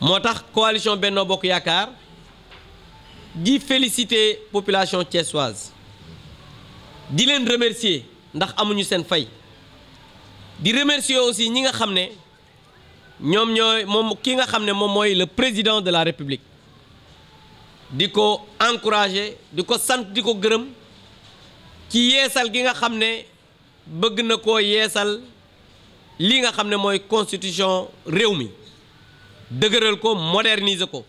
moo tax coalition Benno Bokk Yaakaar di féliciter population thiessoise di leen remercier ndax amuñu seen fay di remercier aussi ñi nga xam ne ñoom ñooy moom ki nga xam ne moom mooy le président de la république di ko encourager di ko sant di ko gërëm ci yeesal gi nga xam ne bëgg na koo yeesal li nga xam ne mooy constitution réew mi dëgëral ko moderniser ko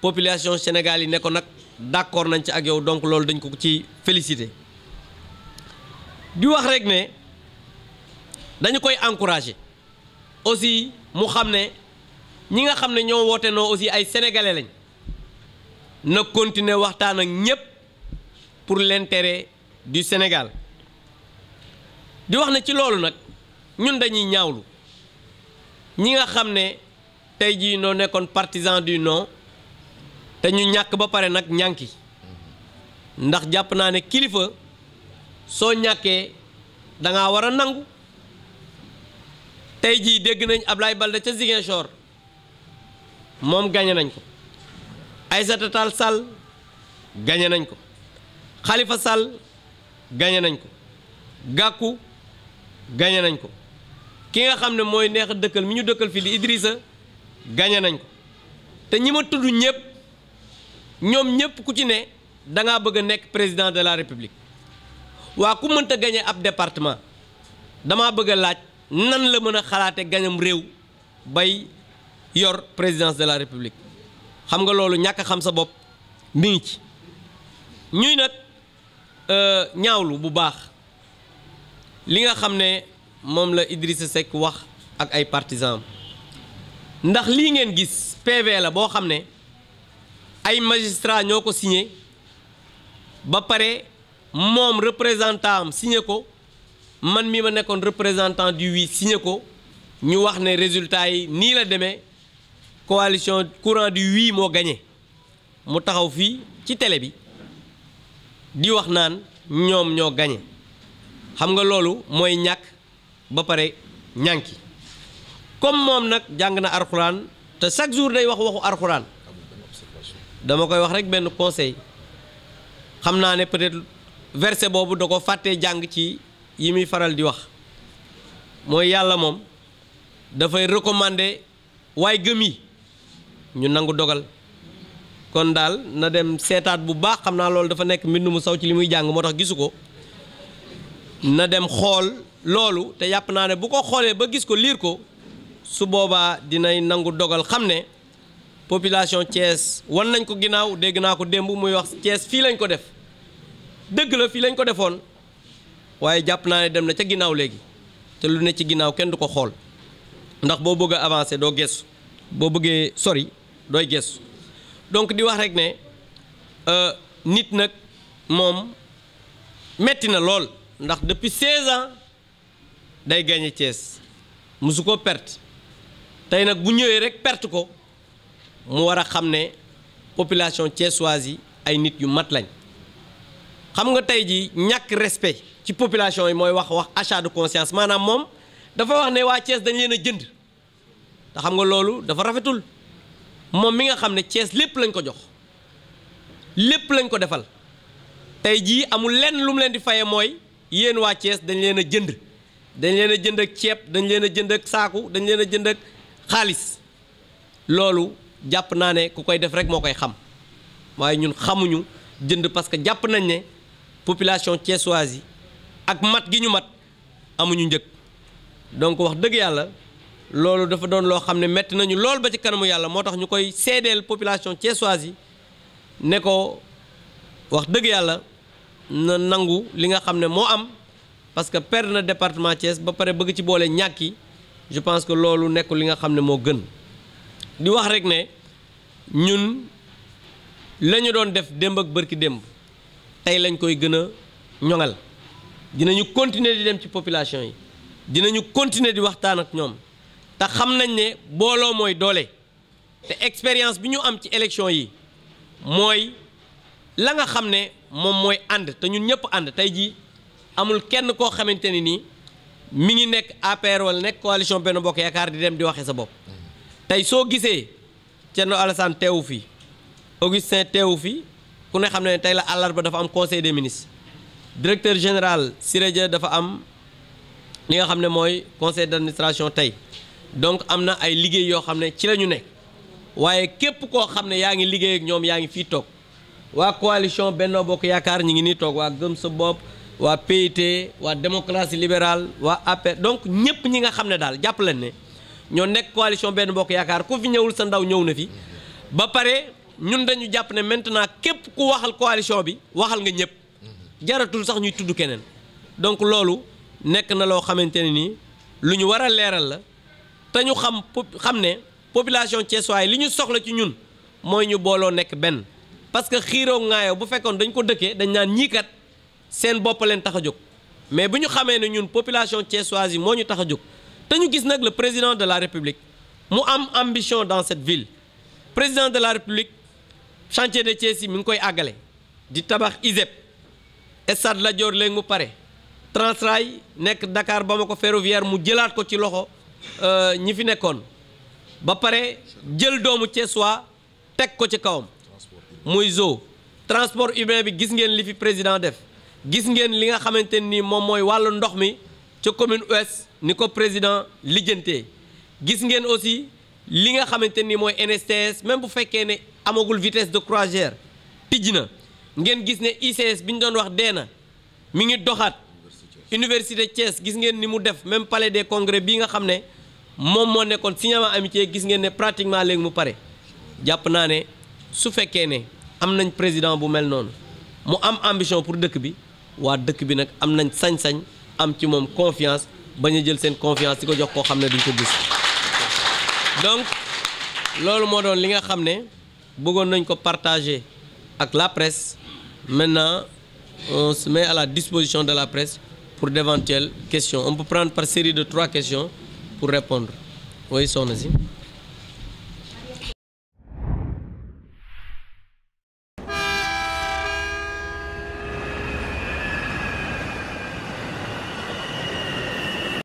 population Sénégal yi ne ko nag d'accord nañ ci ak yow donc loolu dañ ko ci féliciter di wax rek ne dañu koy encourager aussi mu xam ne ñi nga xam ne ñoo woote noo aussi ay sénégalais lañ na continuer waxtaan ak ñépp pour l'intérêt du Sénégal di wax ne ci loolu nag ñun dañuy ñaawlu ñi nga xam ne tey jii noo nekkoon partisan du non te ñu ñàkk ba pare nag ñànki ndax jàpp naa ne kilifa soo ñàkkee danga war a nangu tey jii dégg nañ Ablaye Balde ca Ziguinchor moom gañe nañ ko Aïssata Tall Sall gañe nañ ko xalifa Sall gañe nañ ko Gakou gañe nañ ko ki nga xam ne mooy neex dëkkal mi ñu dëkkal fii di Idrissa gañe nañ ko te ñi ma tudd ñëpp ñoom ñëpp ku ci ne da ngaa bëgg a nekk président de la république waa ku mënta gañe ab département damaa bëgg a laaj nan la mën a xalaate gañam réew bay yor présidence de la république xam nga loolu ñàkk xam sa bopp mi ngi ci ñuy nag euh, ñaawlu bu baax li nga xam ne moom la Idrissa Seck wax ak ay partisans ndax lii ngeen gis PV la boo xam ne ay magistrat ñoo ko signé ba pare moom représentant am signé ko man mi ma nekkoon représentant di wii signé ko ñu wax ne résultat yi nii la demee coalition courant di oui moo gagné mu taxaw fii ci télé bi di wax naan ñoom ñoo gagné xam nga loolu mooy ñàkk ba pare ñànki comme moom nag jàng na arxuraan te chaque jour day wax waxu arxuraan dama koy wax rek benn conseil xam naa ne peut-être verset boobu da ko fàttee jàng ci yi muy faral di wax mooy yàlla moom dafay recommander waay gëmi ñu nangu dogal kon daal na dem seetaat bu baax xam naa loolu dafa nekk mbind mu saw ci li muy jàng moo tax gisu ko na dem xool loolu te yàpp naa ne bu ko xoolee ba gis ko liir ko su boobaa dinay nangu dogal xam ne population cees wan nañ ko ginnaaw dégg naa ko démb muy wax cees fii lañ ko def dëgg la fii lañ ko defoon waaye jàpp naa ne dem na ca ginnaaw léegi te lu ne ci ginnaaw kenn du ko xool ndax boo bëgg a avancer doo gestu boo bëggee sori dooy gestu donc di wax rek ne euh, nit nag moom metti na lool ndax depuis 16 ans day gagné Thiès musu ko perte. tey nag bu ñëwee rek perte ko mu war a xam ne population thiessoise yi ay nit yu mat lañ xam nga tey ji ñàkk respe ci population yi mooy wax wax achat de maanaam moom dafa wax ne waa Thiès dañ leen a jënd te xam nga loolu dafa rafetul moom mi nga xam ne cees lépp lañ ko jox lépp lañ ko defal tey jii amul lenn lu mu leen di faye mooy yéen waa Thiès dañ leen a jënd dañ leen jënd ak ceeb dañ leen a jënd ak saaku dañ leen a jënd ak xaalis loolu jàpp naa ne ku koy def rek moo koy xam waaye ñun xamuñu jënd parce que jàpp nañ ne population thiessoise yi ak mat gi ñu mat amuñu njëkk donc wax dëgg yàlla loolu dafa doon loo xam ne metti nañu lool ba ci kanamu yàlla moo tax ñu koy seedeel population thiessoise yi ne ko wax dëgg yàlla na nangu li nga xam ne moo am parce que perdre na département Thiès ba pare bëgg ci boole ñàkki je pense que loolu nekkul li nga xam ne moo gën di wax rek ne ñun la ñu doon def démb ak bërki démb tey lañ koy gën a ñoŋal dinañu continuer di dem ci population yi dinañu continuer di waxtaan ak ñoom te xam nañ ne booloo mooy doole te expérience bi ñu am ci élection yi mooy la nga xam ne moom mooy ànd te ñun ñëpp ànd tey jii amul kenn koo xamante ni nii mi ngi nekk APR wala nekk coalition benn bokk yaakaar di dem di waxe sa bopp tey soo gisee Thierno Alassane teewu fii fi Augustin teewu fii ku ne xam ne tey la àllarba dafa am conseil des ministres directeur général Siré Dia dafa am li nga xam ne mooy conseil d'administration tey donc am na ay liggéey yoo xam ne ci la ñu nekk waaye képp koo xam ne yaa ngi liggéey ak ñoom yaa ngi fii toog waa coalition Benno Bokk Yaakaar ñi ngi nii toog waa Gëm sa bopp waa PIT waa démocratie libérale waa APR e. donc ñëpp ñi nga xam ne daal jàpp leen ne ñoo nekk coalition benn bokk yaakaar ku fi ñëwul sa ndaw ñëw na fi ba pare ñun dañu jàpp ne maintenant képp ku waxal coalition bi waxal nga ñëpp jaratul sax ñuy tudd keneen donc loolu nekk na loo xamante ne nii lu ñu war a leeral la te ñu xam xam ne population Thiessois li ñu soxla ci ñun mooy ñu booloo nekk benn parce que xiiroo ŋaayoo bu fekkoon dañ ko dëkkee dañ naan seen boppaleen leen tax a jóg mais bu ñu xamee ne ñun population thiessoise yi moo ñu tax a jóg te ñu gis nag le président de la république mu am ambition dans cette ville président de la république chantier de Thiès yi mi ngi koy àggale di tabax ISEP stade Lat Dior léegi mu pare Transrail nekk Dakar ko ferroviaire mu jëlaat ko ci loxo euh, ñi fi nekkoon ba pare jël doomu Thiessois teg ko ci kawam muy zo transport urbain bi gis ngeen li fi président def gis ngeen li nga xamante ni moom mooy wàllu ndox mi ca commune ouest ni ko président lijjante gis ngeen aussi li nga xamante ni mooy NSTS même bu fekkee ne amagul vitesse de croisière tijj na ngeen gis ne ICS bi ñu doon wax dee na mi ngi doxaat université Thiès gis ngeen ni mu def même palais des congrès bi nga xam ne moom moo nekkoon signement amitié gis ngeen ne pratiquement léegi mu pare jàpp naa ne su fekkee ne am nañ président bu mel noonu mu am ambition pour dëkk bi waa dëkk bi nag am nañ sañ-sañ am ci moom confiance bañ a jël seen confiance di ko jox koo xam ne duñ ko gis donc loolu moo doon li nga xam ne bëggoon nañ ko partager ak la presse maintenant on mais à la disposition de la presse pour d'éventuelles question on peut prendre par série de trois questions pour répondre oui soxna si